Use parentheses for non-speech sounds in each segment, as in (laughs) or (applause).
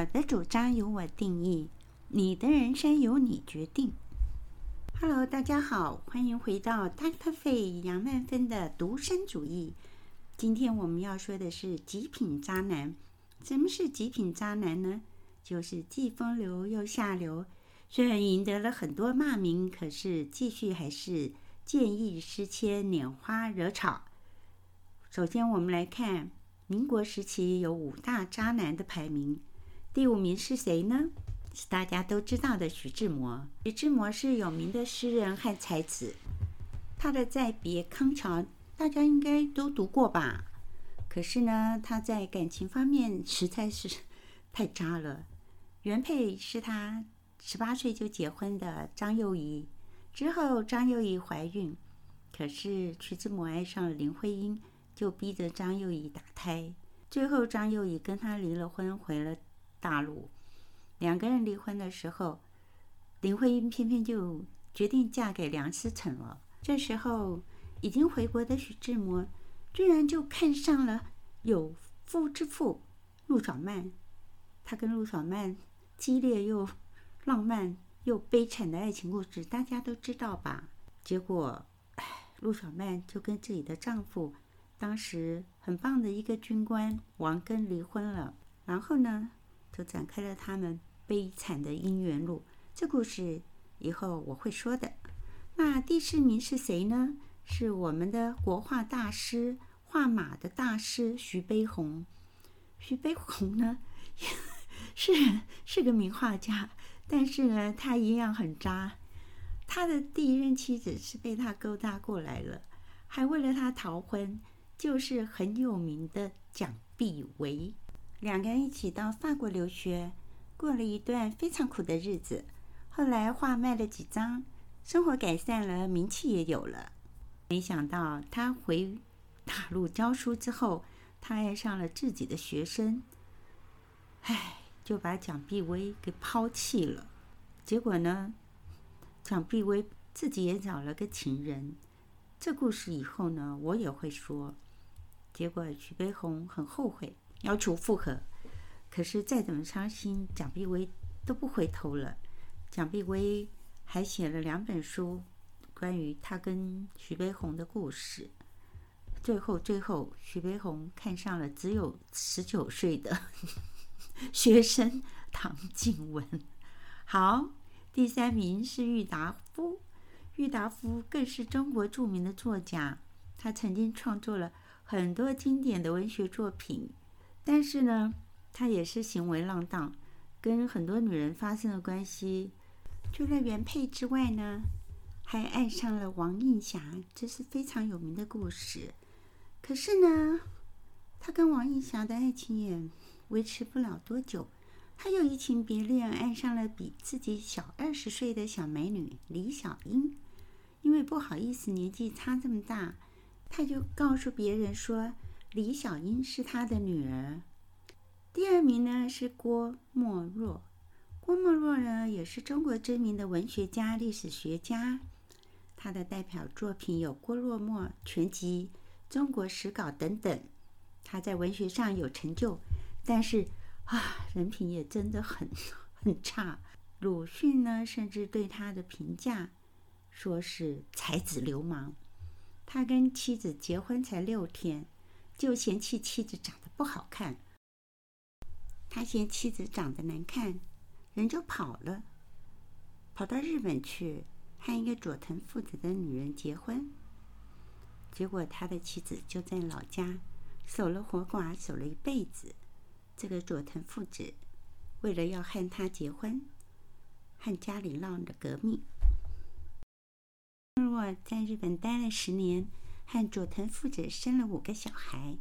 我的主張由我定義，你的人生由你決定。Hello，大家好，歡迎回到 Doctor 費楊曼芬的獨身主義。今天我們要說的是極品渣男。什麼是極品渣男呢？就是既風流又下流，雖然贏得了很多罵名，可是繼續還是見異思遷、拈花惹草。首先，我們來看民國時期有五大渣男的排名。第五名是誰呢？是大家都知道的徐志摩。徐志摩是有名的詩人和才子，他的《再別康橋》大家應該都讀過吧？可是呢，他在感情方面實在是太渣了。原配是他十八歲就結婚的張幼儀，之後張幼儀懷孕，可是徐志摩愛上了林徽因，就逼着張幼儀打胎。最後張幼儀跟他離了婚，回了。大陸兩個人離婚的時候，林徽因偏偏就決定嫁給梁思成了。這時候已經回國的徐志摩，居然就看上了有夫之婦陸小曼。他跟陸小曼激烈又浪漫又悲慘的愛情故事大家都知道吧？結果唉，陸小曼就跟自己的丈夫當時很棒的一個軍官王賡離婚了。然後呢？就展開了他們悲慘的姻緣路。這故事以後我會說的。那第四名是誰呢？是我們的國畫大師，畫馬的大師徐悲鴻。徐悲鴻呢， (laughs) 是是個名畫家，但是呢，他一樣很渣。他的第一任妻子是被他勾搭過來了，還為了他逃婚，就是很有名的蔣碧薇。兩個人一起到法國留學，過了一段非常苦的日子。後來畫賣了幾張，生活改善了，名氣也有了。沒想到他回大陸教書之後，他愛上了自己的學生，唉，就把蔣碧薇給拋棄了。結果呢，蔣碧薇自己也找了個情人。這故事以後呢，我也會說。結果徐悲鴻很後悔。要求復合，可是再怎麼傷心，蔣碧薇都不回頭了。蔣碧薇還寫了兩本書，關於她跟徐悲鴻的故事。最後，最後，徐悲鴻看上了只有十九歲的學生唐靜文。好，第三名是郁達夫。郁達夫更是中國著名的作家，他曾經創作了很多經典的文學作品。但是呢，他也是行為浪蕩，跟很多女人發生了關係。除了原配之外呢，還愛上了王映霞，這是非常有名的故事。可是呢，他跟王映霞的愛情也維持不了多久，他又移情別戀，愛上了比自己小二十歲的小美女李小英。因為不好意思年紀差這麼大，他就告訴別人說。李小英是他的女兒。第二名呢是郭沫若，郭沫若呢也是中國知名的文學家、歷史學家。他的代表作品有《郭沫若全集》《中國史稿》等等。他在文學上有成就，但是啊，人品也真的很很差。魯迅呢甚至對他的評價說是“才子流氓”。他跟妻子結婚才六天。就嫌棄妻子長得不好看，他嫌妻子長得難看，人就跑了，跑到日本去和一個佐藤富子的女人結婚。結果他的妻子就在老家守了活寡，守了一輩子。這個佐藤富子為了要和他結婚，和家裡鬧了革命。如果在日本待了十年。和佐藤富子生了五個小孩，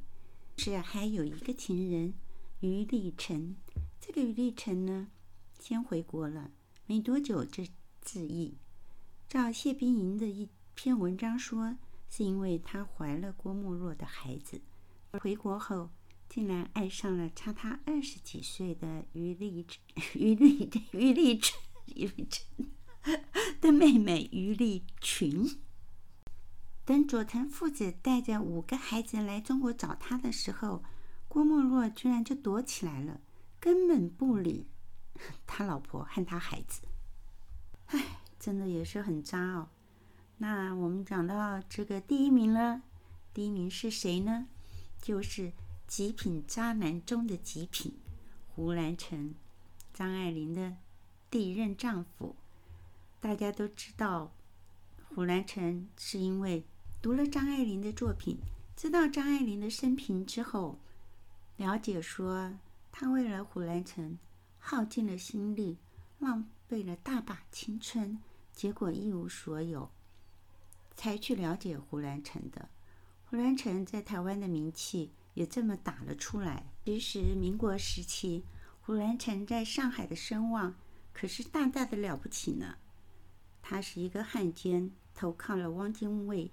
是還有一個情人於立忱，這個於立忱呢，先回國了，沒多久就自縊。照謝冰瑩的一篇文章說，是因為她懷了郭沫若的孩子，回國後竟然愛上了差他二十幾歲的於立於立於立於立忱的妹妹於立群。等佐藤富子帶着五個孩子來中國找他的時候，郭沫若居然就躲起來了，根本不理他老婆和他孩子。唉，真的也是很渣哦。那我們講到這個第一名了，第一名是誰呢？就是極品渣男中的極品——胡蘭成，張愛玲的第一任丈夫。大家都知道，胡蘭成是因為。讀了張愛玲的作品，知道張愛玲的生平之後，了解說她為了胡蘭成耗盡了心力，浪費了大把青春，結果一無所有，才去了解胡蘭成的。胡蘭成在台灣的名氣也這麼打了出來。其實民國時期，胡蘭成在上海的聲望可是大大的了不起呢。他是一個漢奸，投靠了汪精衛。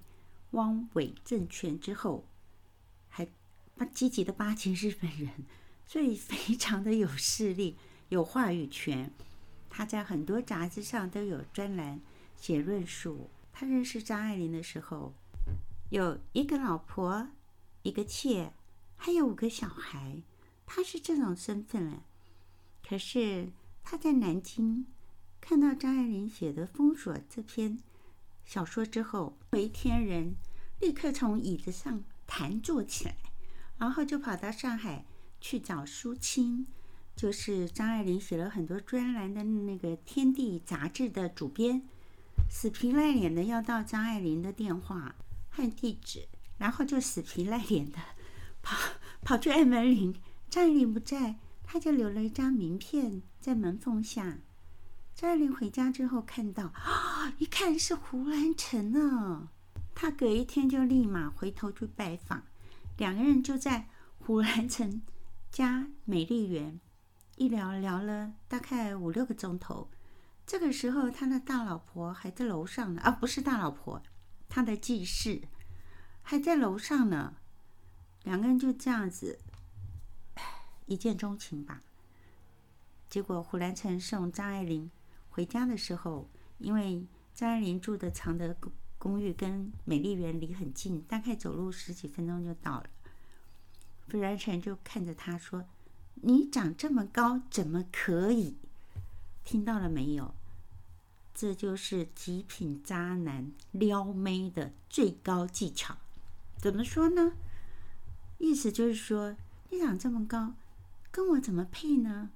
汪偽政權之後，還他積極的巴結日本人，所以非常的有勢力、有話語權。他在很多雜誌上都有專欄寫論述。他認識張愛玲的時候，有一個老婆、一個妾，還有五個小孩，他是這種身份了。可是他在南京看到張愛玲寫的《封鎖》這篇小說之後，為天人。立刻從椅子上彈坐起來，然後就跑到上海去找蘇青，就是張愛玲寫了很多專欄的那個《天地》雜誌的主編，死皮賴臉的要到張愛玲的電話和地址，然後就死皮賴臉的跑跑去按門鈴。張愛玲不在，他就留了一張名片在門縫下。張愛玲回家之後看到、哦、看啊，一看是胡蘭成呢。他隔一天就立馬回頭去拜訪，兩個人就在胡蘭成家美麗園一聊聊了大概五六個鐘頭。這個時候，他的大老婆還在樓上呢，啊，不是大老婆，他的繼室還在樓上呢。兩個人就這樣子一見鍾情吧。結果胡蘭成送張愛玲回家的時候，因為張愛玲住的常德。公寓跟美麗園離很近，大概走路十幾分鐘就到了。胡蘭成就看着他說：“你長這麼高，怎麼可以？聽到了沒有？這就是極品渣男撩妹的最高技巧。怎麼說呢？意思就是說，你長這麼高，跟我怎麼配呢？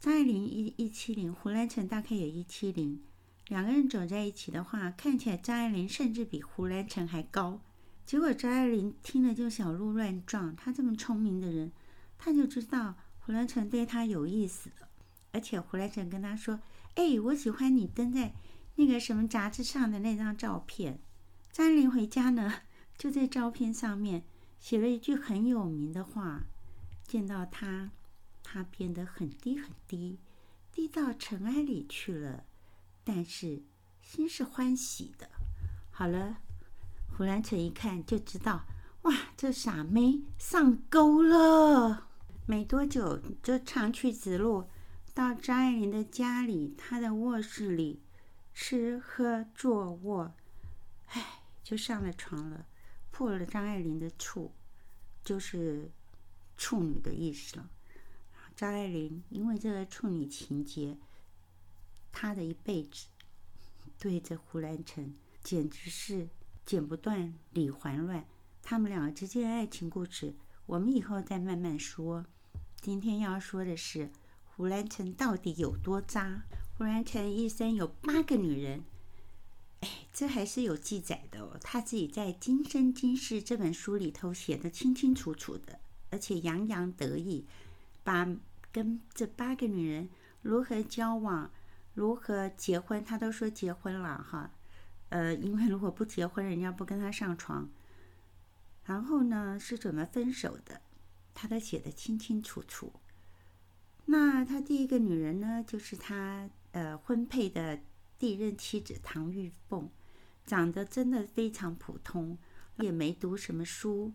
張愛玲一一七零，胡蘭成大概也一七零。”兩個人走在一起的話，看起來張愛玲甚至比胡蘭成還高。結果張愛玲聽了就小鹿亂撞。她這麼聰明的人，她就知道胡蘭成對她有意思了。而且胡蘭成跟她說：“哎，我喜歡你登在那個什麼雜誌上的那張照片。”張愛玲回家呢，就在照片上面寫了一句很有名的話：“見到他，她變得很低很低，低到塵埃裡去了。”但是心是歡喜的。好了，胡蘭成一看就知道，哇，這傻妹上鈎了。沒多久，就長驅直入到張愛玲的家裡，她的臥室裡，吃喝坐臥，哎，就上了床了，破了張愛玲的處，就是處女的意思了。張愛玲因為這個處女情結，他的一輩子，對着胡蘭成簡直是剪不斷，理還亂。他們兩個之間的愛情故事，我們以後再慢慢說。今天要說的是，胡蘭成到底有多渣？胡蘭成一生有八個女人，哎，這還是有記載的哦。他自己在《今生今世》這本書裡頭寫得清清楚楚的，而且洋洋得意，把跟這八個女人如何交往。如何結婚？他都說結婚了哈，呃，因為如果不結婚，人家不跟他上床。然後呢，是怎麼分手的？他都寫得清清楚楚。那他第一個女人呢，就是他呃婚配的第一任妻子唐玉鳳，長得真的非常普通，也沒讀什麼書。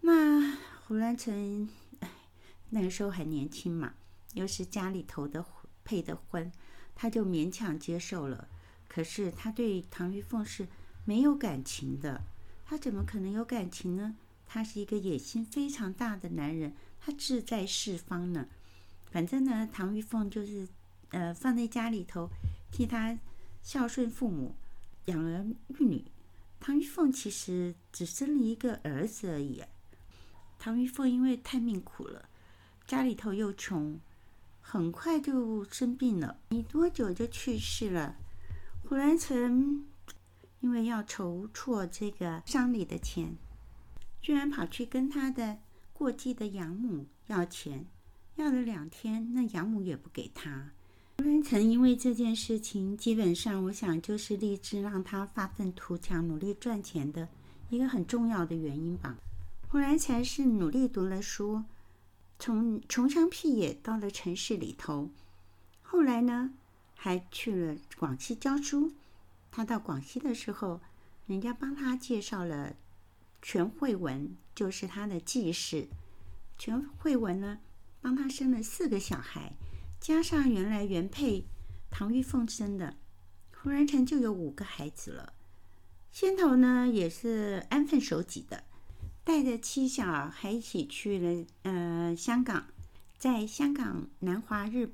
那胡蘭成，哎，那個時候還年輕嘛，又是家裡頭的配的婚。他就勉強接受了，可是他對唐玉鳳是沒有感情的，他怎麼可能有感情呢？他是一個野心非常大的男人，他志在四方呢。反正呢，唐玉鳳就是，呃，放在家裡頭替他孝順父母、養兒育女。唐玉鳳其實只生了一個兒子而已。唐玉鳳因為太命苦了，家裡頭又窮。很快就生病了，沒多久就去世了。胡蘭成因為要籌措這個喪禮的錢，居然跑去跟他的過繼的養母要錢，要了兩天，那養母也不給他。胡蘭成因為這件事情，基本上我想就是立志讓他發憤圖強、努力賺錢的一個很重要的原因吧。胡蘭成是努力讀了書。從窮鄉僻野到了城市裡頭，後來呢，還去了廣西教書。他到廣西的時候，人家幫他介紹了全慧文，就是他的繼室。全慧文呢，幫他生了四個小孩，加上原來原配唐玉鳳生的，胡蘭成就有五個孩子了。先頭呢，也是安分守己的。帶着妻小還一起去了，呃，香港，在香港《南華日報》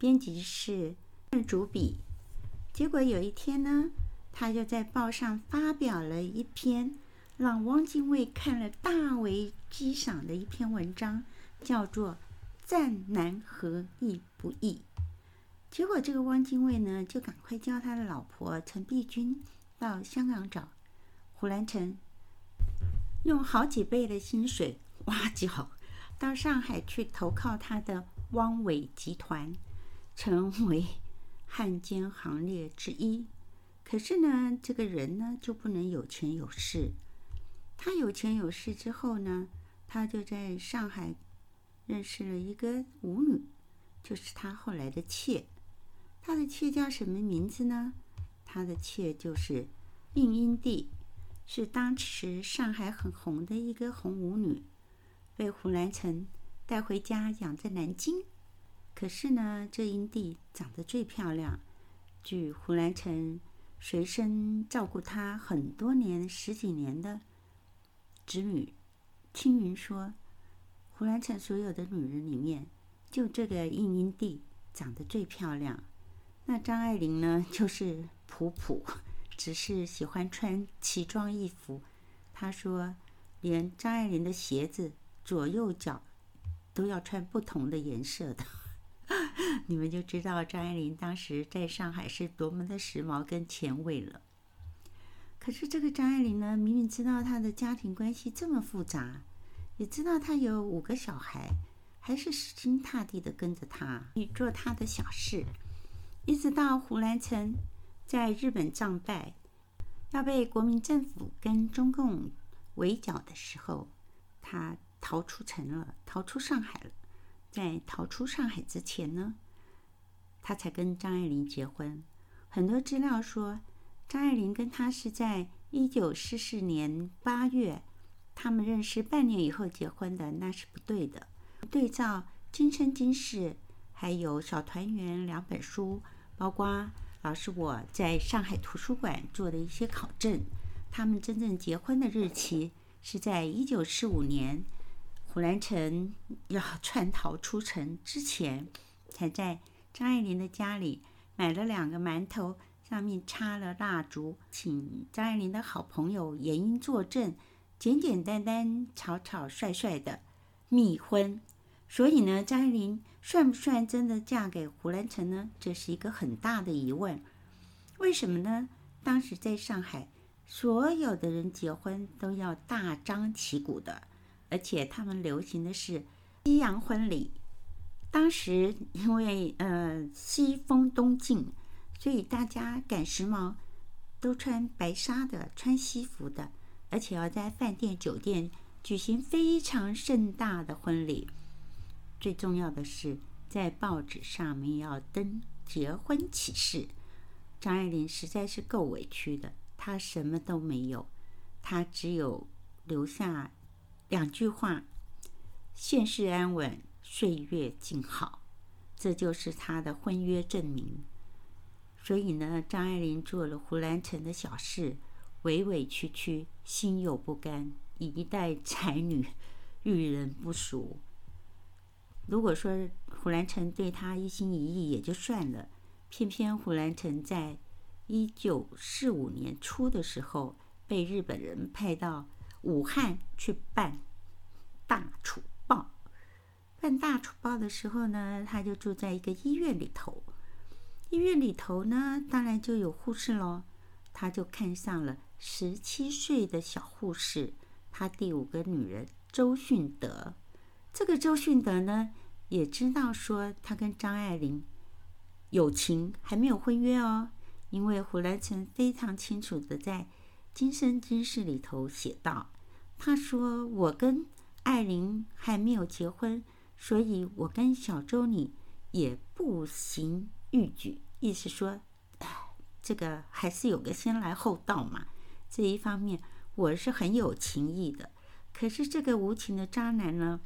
編輯室任主筆。結果有一天呢，他就在報上發表了一篇，讓汪精衛看了大為激賞的一篇文章，叫做《戰難和亦不易》。結果這個汪精衛呢，就趕快叫他的老婆陳璧君到香港找胡蘭成。用好幾倍的薪水挖角，到上海去投靠他的汪偽集團，成為漢奸行列之一。可是呢，這個人呢，就不能有錢有勢。他有錢有勢之後呢，他就在上海認識了一個舞女，就是他後來的妾。他的妾叫什麼名字呢？他的妾就是應英娣。是當時上海很紅的一個紅舞女，被胡蘭成帶回家養在南京。可是呢，這英娣長得最漂亮。據胡蘭成隨身照顧她很多年，十幾年的侄女青雲說，胡蘭成所有的女人裡面，就這個應英娣長得最漂亮。那張愛玲呢，就是普普。只是喜歡穿奇裝異服，他說，連張愛玲的鞋子左右腳，都要穿不同的顏色的，你們就知道張愛玲當時在上海是多麼的時髦跟前衛了。可是這個張愛玲呢，明明知道她的家庭關係這麼複雜，也知道她有五個小孩，還是死心塌地的跟着他，去做他的小事，一直到胡蘭成在日本戰敗要被國民政府跟中共圍剿的時候，他逃出城了，逃出上海了。在逃出上海之前呢，他才跟張愛玲結婚。很多資料說張愛玲跟他是在一九四四年八月他們認識半年以後結婚的，那是不對的。對照《今生今世》還有《小團圓》兩本書，包括。而是我在上海圖書館做的一些考證，他們真正結婚的日期是在一九四五年，胡蘭成要竄逃出城之前，才在張愛玲的家裡買了兩個饅頭，上面插了蠟燭，請張愛玲的好朋友炎櫻作證，簡簡單單，單、草草率率的秘婚。所以呢，張愛玲算不算真的嫁給胡蘭成呢？這是一個很大的疑問。為什麼呢？當時在上海，所有的人結婚都要大張旗鼓的，而且他們流行的是西洋婚禮。當時因為呃西風東進，所以大家趕時髦，都穿白紗的，穿西服的，而且要在飯店、酒店舉行非常盛大的婚禮。最重要的是，在報紙上面要登結婚啟事。張愛玲實在是夠委屈的，她什麼都沒有，她只有留下兩句話：“現世安穩，歲月靜好。”這就是她的婚約證明。所以呢，張愛玲做了胡蘭成的小事，委委屈屈，心有不甘。一代才女遇人不淑。如果說胡蘭成對他一心一意也就算了，偏偏胡蘭成在一九四五年初的時候被日本人派到武漢去辦《大楚報》，辦《大楚報》的時候呢，他就住在一個醫院裡頭。醫院裡頭呢，當然就有護士咯，他就看上了十七歲的小護士，他第五個女人周迅德。這個周迅德呢，也知道說他跟張愛玲有情，還沒有婚約哦。因為胡蘭成非常清楚的在《今生今世》裡頭寫道：“他說我跟愛玲還沒有結婚，所以我跟小周你也不行欲舉，意思說，哎，這個還是有個先來後到嘛。這一方面我是很有情義的，可是這個無情的渣男呢？”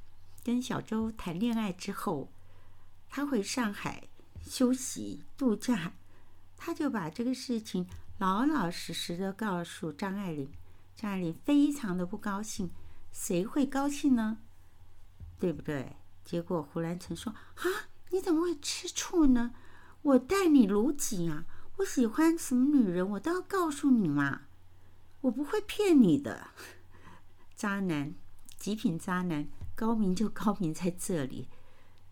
跟小周談戀愛之後，他回上海休息度假，他就把這個事情老老實實的告訴張愛玲。張愛玲非常的不高興，誰會高興呢？對不對？結果胡蘭成說：“啊，你怎麼會吃醋呢？我待你如己啊，我喜歡什麼女人，我都要告訴你嘛，我不會騙你的。”渣男，極品渣男。高明就高明在這裡，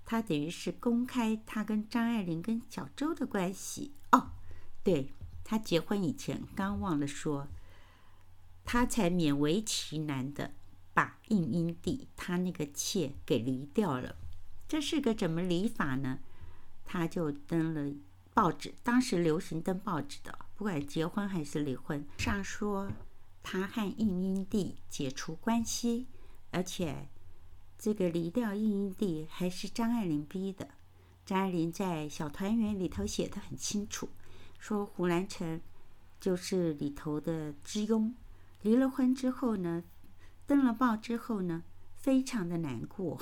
他等於是公開他跟張愛玲、跟小周的關係。哦，對，他結婚以前剛忘了說，他才勉為其難的把應英娣他那個妾給離掉了。這是個怎麼離法呢？他就登了報紙，當時流行登報紙的，不管結婚還是離婚，上說他和應英娣解除關係，而且。這個離掉應英娣還是張愛玲逼的。張愛玲在《小團圓》裡頭寫得很清楚，說胡蘭成就是裡頭的之雍。離了婚之後呢，登了報之後呢，非常的難過。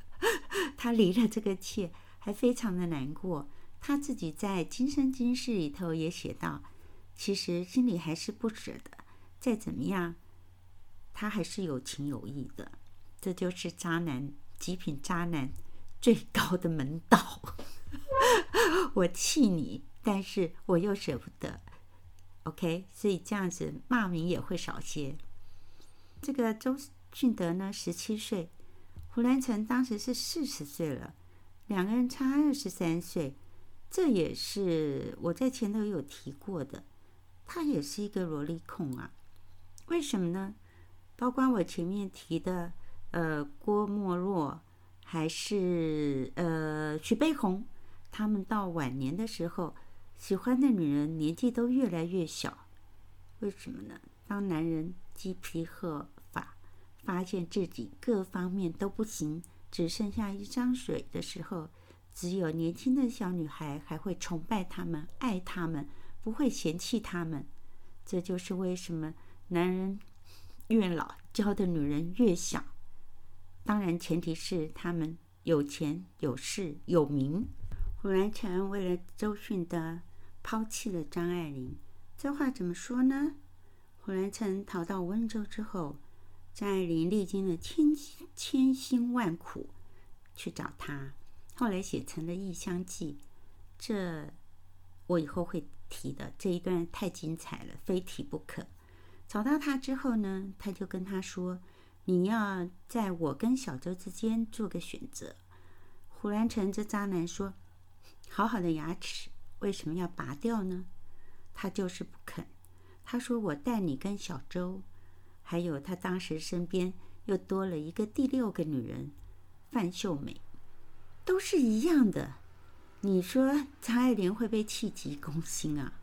(laughs) 他離了這個妾，還非常的難過。他自己在《今生今世》裡頭也寫道，其實心裡還是不捨得。再怎麼樣，他還是有情有義的。這就是渣男極品渣男最高的門道。 (laughs) 我氣你，但是我又舍不得。OK，所以這樣子罵名也會少些。這個周俊德呢，十七歲，胡蘭成當時是四十歲了，兩個人差二十三歲，這也是我在前頭有提過的。他也是一個蘿莉控啊，為什麼呢？包括我前面提的。呃，郭沫若，還是呃，徐悲鴻，他們到晚年的時候，喜歡的女人年紀都越來越小。為什麼呢？當男人雞皮鶴髮，發現自己各方面都不行，只剩下一張嘴的時候，只有年輕的小女孩還會崇拜他們、愛他們，不會嫌棄他們。這就是為什麼男人越老，交的女人越小。當然，前提是他們有錢、有勢、有名。胡蘭成為了周訓德，拋棄了張愛玲，這話怎麼說呢？胡蘭成逃到溫州之後，張愛玲歷經了千辛千辛萬苦去找他，後來寫成了《異鄉記》，這我以後會提的。這一段太精彩了，非提不可。找到他之後呢，他就跟他說。你要在我跟小周之間做個選擇，胡蘭成這渣男說：“好好的牙齒為什麼要拔掉呢？”他就是不肯。他說：“我帶你跟小周，還有他當時身邊又多了一個第六個女人范秀美，都是一樣的。”你說張愛玲會被氣急攻心啊？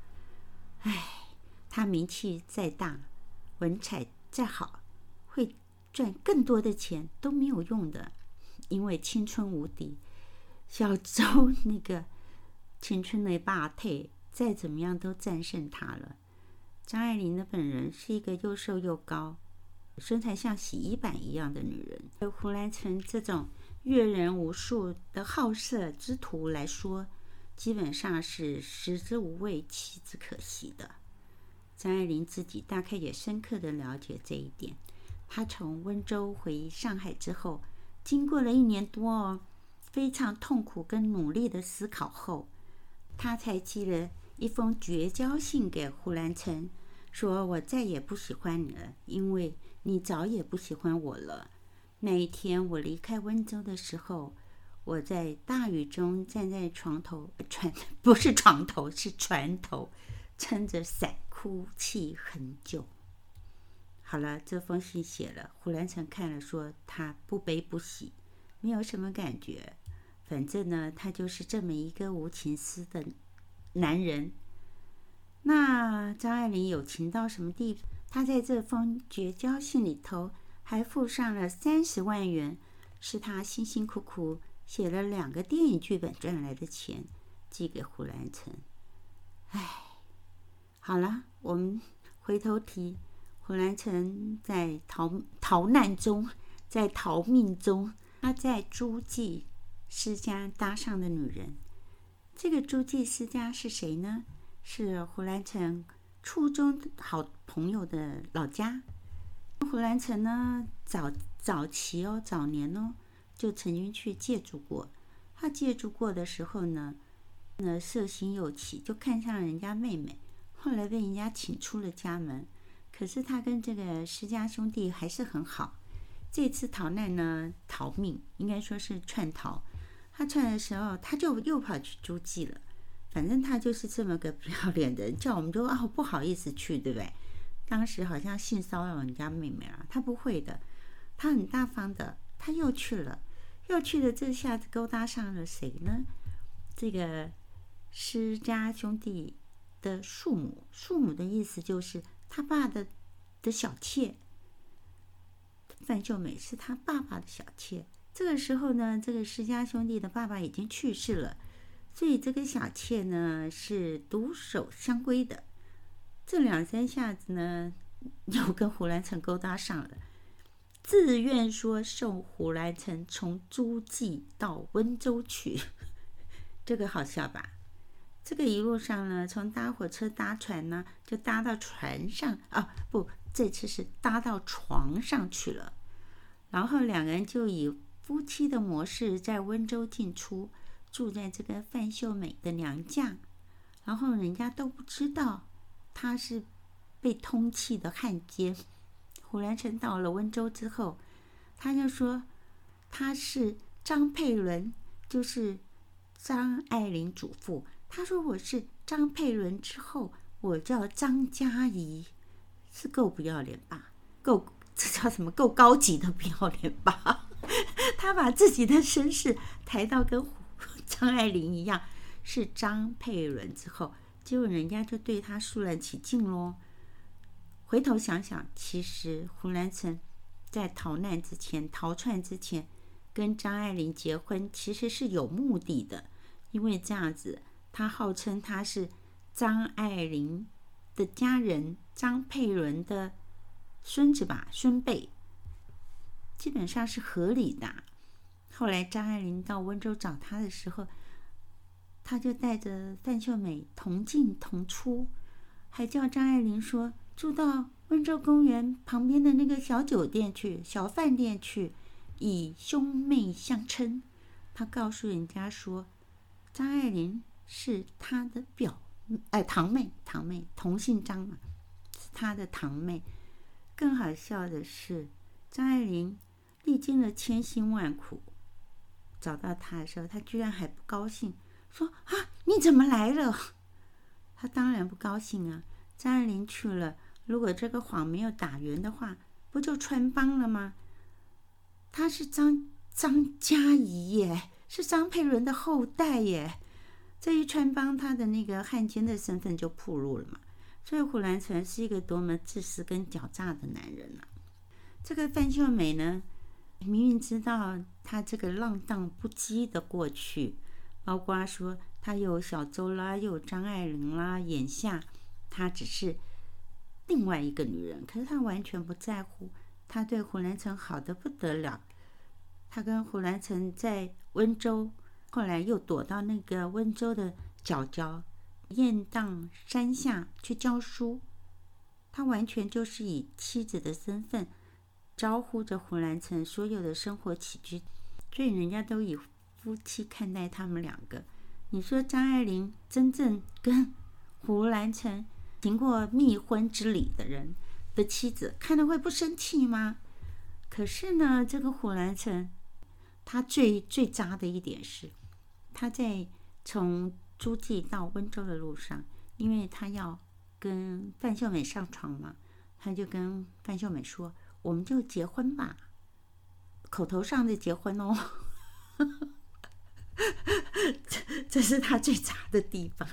哎，她名氣再大，文采再好，會。賺更多的錢都沒有用的，因為青春無敵。小周那個青春的霸退，再怎麼樣都戰勝她了。張愛玲的本人是一個又瘦又高、身材像洗衣板一樣的女人。對胡蘭成這種閱人無數的好色之徒來說，基本上是食之無味、棄之可惜的。張愛玲自己大概也深刻的了解這一點。他從溫州回上海之後，經過了一年多哦，非常痛苦跟努力的思考後，他才寄了一封絕交信給胡蘭成，說我再也不喜歡你了，因為你早也不喜歡我了。那一天我離開溫州的時候，我在大雨中站在床頭，船，不是床頭，是船頭，撐着傘哭泣很久。好了，這封信寫了，胡蘭成看了，說他不悲不喜，沒有什麼感覺。反正呢，他就是這麼一個無情絲的男人。那張愛玲有情到什麼地步？他在這封絕交信裡頭還附上了三十萬元，是他辛辛苦苦寫了兩個電影劇本賺來的錢，寄給胡蘭成。哎，好了，我們回頭提。胡蘭成在逃逃難中，在逃命中，他在諸暨斯家搭上的女人，這個諸暨斯家是誰呢？是胡蘭成初中好朋友的老家。胡蘭成呢，早早期哦，早年哦，就曾經去借住過。他借住過的時候呢，那色心又起，就看上了人家妹妹，後來被人家請出了家門。可是他跟這個施家兄弟還是很好。這次逃難呢，逃命應該說是串逃。他串的時候，他就又跑去諸暨了。反正他就是這麼個不要臉的人，叫我們都哦不好意思去，對不對？當時好像性騷擾人家妹妹了，啊，他不會的，他很大方的，他又去了，又去了。這下子勾搭上了誰呢？這個施家兄弟的庶母，庶母的意思就是。他爸的的小妾范秀美是他爸爸的小妾。這個時候呢，這個石家兄弟的爸爸已經去世了，所以這個小妾呢是獨守香閨的。這兩三下子呢，又跟胡蘭成勾搭上了，自願說送胡蘭成從諸暨到溫州去，這個好笑吧？這個一路上呢，從搭火車搭船呢，就搭到船上啊！不，這次是搭到床上去了。然後兩人就以夫妻的模式在溫州進出，住在這個范秀美的娘家。然後人家都不知道他是被通緝的漢奸。胡蘭成到了溫州之後，他就說他是張佩綸，就是張愛玲祖父。他說：“我是張佩綸之後，我叫張嘉怡，是夠不要臉吧？夠這叫什麼？夠高級的不要臉吧？” (laughs) 他把自己的身世抬到跟張愛玲一樣，是張佩綸之後，結果人家就對他肅然起敬咯。回頭想想，其實胡蘭成在逃難之前、逃竄之前跟張愛玲結婚，其實是有目的的，因為這樣子。他號稱他是張愛玲的家人，張佩綸的孫子吧，孫輩，基本上是合理的。後來張愛玲到溫州找他的時候，他就帶着范秀美同進同出，還叫張愛玲說住到溫州公園旁邊的那個小酒店去，小飯店去，以兄妹相稱。他告訴人家說，張愛玲。是他的表，哎，堂妹，堂妹同姓張嘛，是他的堂妹。更好笑的是，張愛玲歷經了千辛萬苦找到他的時候，他居然還不高興，說啊，你怎麼來了？他當然不高興啊。張愛玲去了，如果這個謊沒有打圓的話，不就穿幫了嗎？她是張張嘉儀耶，是張佩綸的後代耶。這一穿幫，他的那個漢奸的身份就暴露了嘛。所以胡蘭成是一個多麼自私跟狡詐的男人吶、啊。這個范秀美呢，明明知道他這個浪蕩不羈的過去，包括說他有小周啦，又有張愛玲啦，眼下他只是另外一個女人，可是他完全不在乎。他對胡蘭成好得不得了，他跟胡蘭成在溫州。後來又躲到那個溫州的角角雁蕩山下去教書，他完全就是以妻子的身份招呼着胡蘭成所有的生活起居，所以人家都以夫妻看待他們兩個。你說張愛玲真正跟胡蘭成行過蜜婚之禮的人的妻子，看得會不生氣嗎？可是呢，這個胡蘭成他最最渣的一點是。他在從諸暨到溫州的路上，因為他要跟范秀美上床嘛，他就跟范秀美說：“我們就結婚吧。”口頭上的結婚哦， (laughs) 這這是他最渣的地方。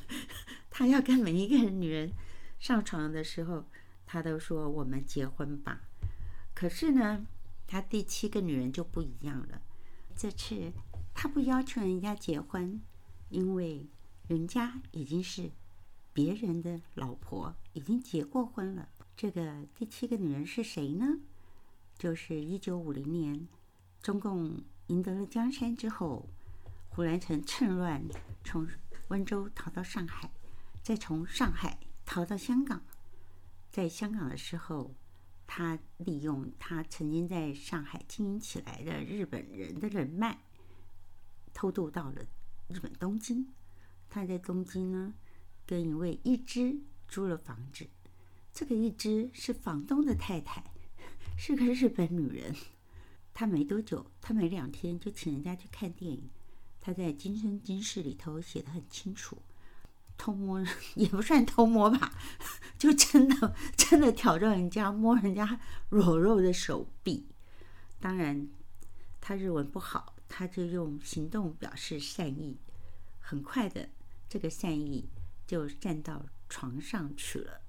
他要跟每一個女人上床的時候，他都說“我們結婚吧”。可是呢，他第七個女人就不一樣了，這次。他不要求人家結婚，因為人家已經是別人的老婆，已經結過婚了。這個第七個女人是誰呢？就是一九五零年，中共贏得了江山之後，胡蘭成趁亂從溫州逃到上海，再從上海逃到香港。在香港的時候，他利用他曾經在上海經營起來的日本人的人脈。偷渡到了日本東京，他在東京呢跟一位一枝租了房子，這個一枝是房東的太太，是個日本女人。他沒多久，他沒兩天就請人家去看電影。他在《今生今世》裡頭寫得很清楚，偷摸也不算偷摸吧，就真的真的挑戰人家摸人家裸肉的手臂。當然，他日文不好。他就用行動表示善意，很快的，這個善意就站到床上去了。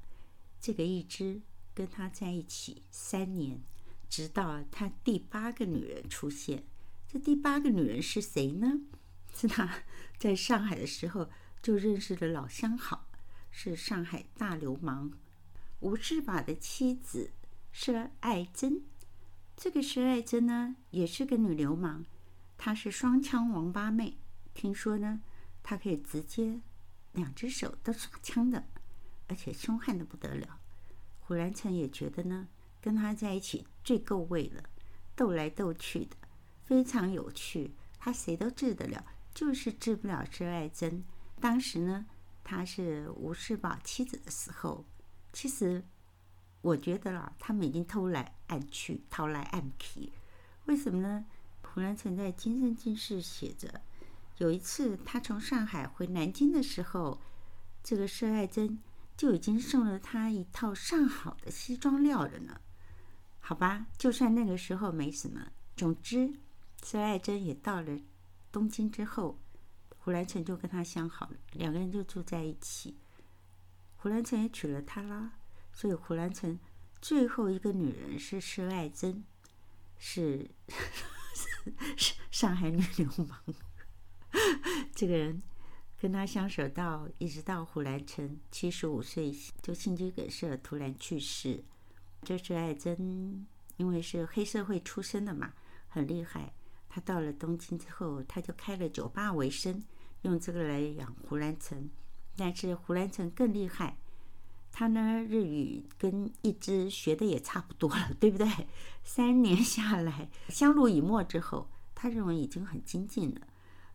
這個一枝跟他在一起三年，直到他第八個女人出現。這第八個女人是誰呢？是他在上海的時候就認識的老相好，是上海大流氓吳志法的妻子佘愛珍。這個佘愛珍呢，也是個女流氓。她是雙槍王八妹，聽說呢，她可以直接兩隻手都耍槍的，而且兇悍的不得了。胡蘭成也覺得呢，跟她在一起最夠味了，鬥來鬥去的非常有趣。他誰都治得了，就是治不了佘愛珍。當時呢，他是吳世寶妻子的時候，其實我覺得了，他們已經偷來暗去，偷來暗去，為什麼呢？胡蘭成在《今生今世》寫着：“有一次，他從上海回南京的時候，這個佘愛珍就已經送了他一套上好的西裝料子呢。好吧，就算那個時候沒什麼。總之，佘愛珍也到了東京之後，胡蘭成就跟他相好了，兩個人就住在一起。胡蘭成也娶了她了，所以胡蘭成最後一個女人是佘愛珍，是。” (laughs) 上海女面流氓， (laughs) 這個人跟他相守到一直到胡蘭成七十五歲，就心肌梗塞突然去世。就是愛珍，因為是黑社會出身的嘛，很厲害。他到了東京之後，他就開了酒吧為生，用這個來養胡蘭成。但是胡蘭成更厲害。他呢，日語跟一枝學的也差不多了，對不對？三年下來，相濡以沫之後，他認為已經很精進了，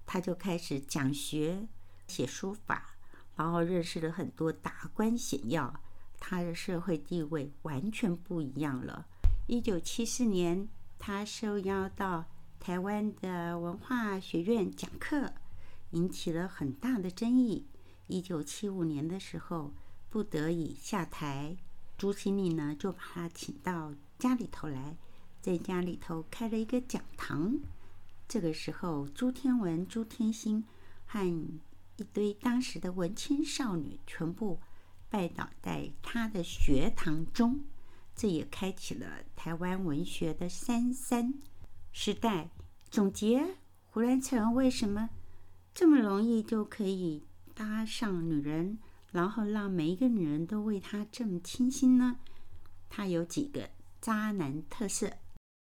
他就開始講學、寫書法，然後認識了很多達官顯要，他的社會地位完全不一樣了。一九七四年，他受邀到台灣的文化學院講課，引起了很大的爭議。一九七五年的時候。不得已下台，朱西甯呢，就把他請到家裡頭來，在家裡頭開了一個講堂。這個時候，朱天文、朱天心和一堆當時的文青少女全部拜倒在他的學堂中，這也開啟了台灣文學的三三時代。總結胡蘭成為什麼這麼容易就可以搭上女人？然後讓每一個女人都為他這麼傾心呢？他有幾個渣男特色？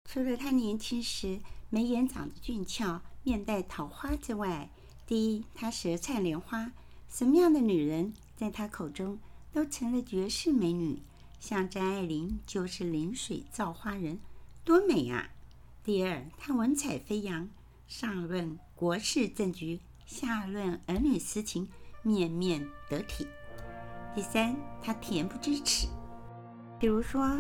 除了他年輕時眉眼長得俊俏，面帶桃花之外，第一，他舌燦蓮花，什麼樣的女人在他口中都成了絕世美女，像張愛玲就是臨水照花人，多美啊！第二，他文采飛揚，上論國事政局，下論兒女私情。面面得體。第三，他恬不知恥。比如說，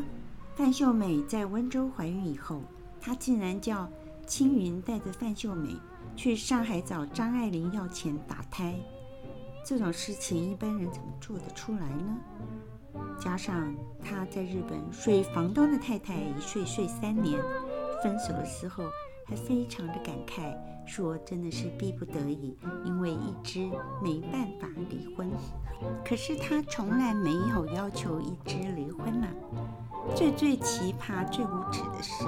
範秀美在溫州懷孕以後，他竟然叫青雲帶着範秀美去上海找張愛玲要錢打胎。這種事情一般人怎麼做得出來呢？加上他在日本睡房東的太太一睡睡三年，分手的時候還非常的感慨。說真的是逼不得已，因為一只沒辦法離婚，可是他從來沒有要求一只離婚嘛。最最奇葩，最無恥的是，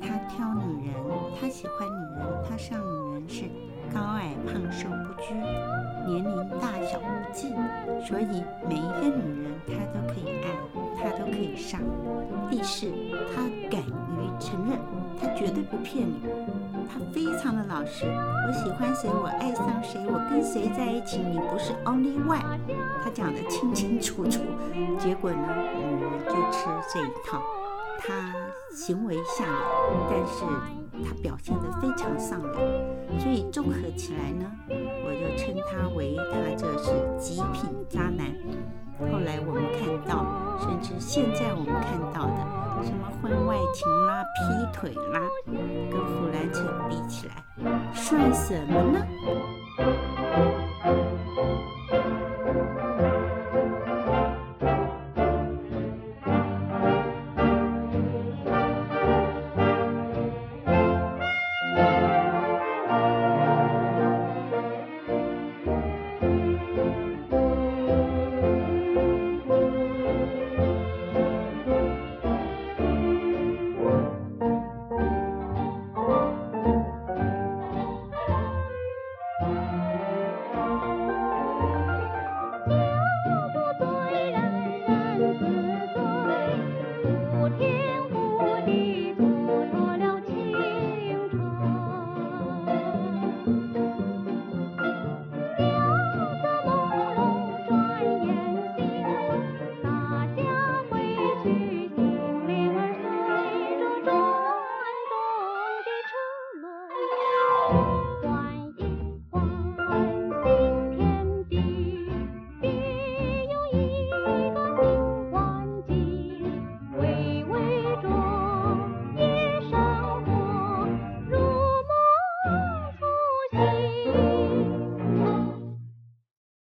他挑女人，他喜歡女人，他上女人是高矮胖瘦不拘，年齡大小不計，所以每一個女人他都可以愛。他都可以上。第四，他敢於承認，他絕對不騙你，他非常的老實。我喜歡誰，我愛上誰，我跟誰在一起，你不是 only one。他講得清清楚楚。結果呢，嗯，就吃這一套。他行為下流，但是他表現得非常上流，所以綜合起來呢，我就稱他為他這是極品渣男。後來我們看到，甚至現在我們看到的什麼婚外情啦、啊、劈腿啦、啊，跟胡蘭成比起來，算什麼呢？